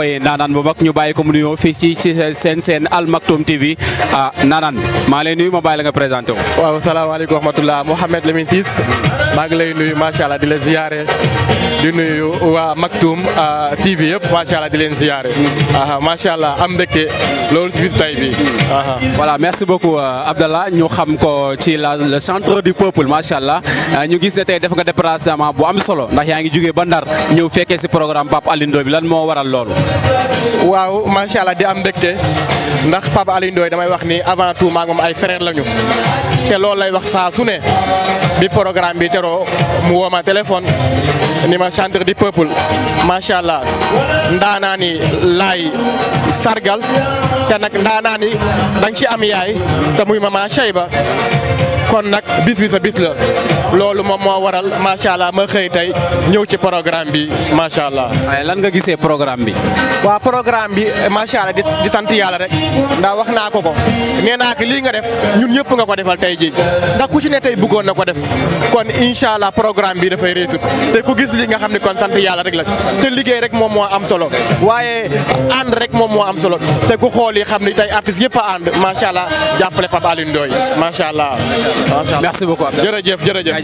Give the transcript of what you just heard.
nanan bobak ñu bayyi ko mu nuyo fi ci sen sen al maktoum tv ah, nanan ma lay nuyu ma bay la nga présenter wa assalamu alaykum rahmatullah mohammed lamine sis ma ngi lay nuyu ma sha Allah di la ziaré di nuyu wa maktoum ah, tv yep ma sha Allah di len ziaré ah ma sha Allah am mbekté lool ci tay bi ah, voilà merci beaucoup euh, abdallah ñu xam ko ci le centre du peuple ma sha Allah euh, ñu gis né tay def nga déplacement bu am solo ndax yaangi jugé bandar ñeu féké ci programme pap alindo bi lan mo waral lool waaw macha allah di am mbégte ndax Pape Alioune damay wax ni avant tout maa ngi moom ay frère lañu te loolu lay wax saa su ne bi programme bi teroo mu woo téléphone ni ma chanteur du peuple macha allah ndaanaa ni laay sargal te nag ndaanaa ni da ci am yaay te muy maman Cheyba kon nag bis bi sa bis la loolu moom moo waral macha allah ma xëy tey ñëw ci programme bi macha allah. waaye lan nga gisee programme bi. waa programme bi macha allah di sant yàlla rek ndax wax naa ko ko nee naa lii nga def ñun ñëpp nga ko defal tey ji ndax ku ci ne tey bëggoon na ko def kon incha allah programme bi dafay réussir te ku gis lii nga xam ne kon sant yàlla rek la te liggéey rek moom moo am solo waaye ànd rek moom moo am solo te ku xool yi xam ne tey artistes yëpp ànd macha allah jàppale Pape Alioune Ndoye macha allah. merci beaucoup jërëjëf jërëjëf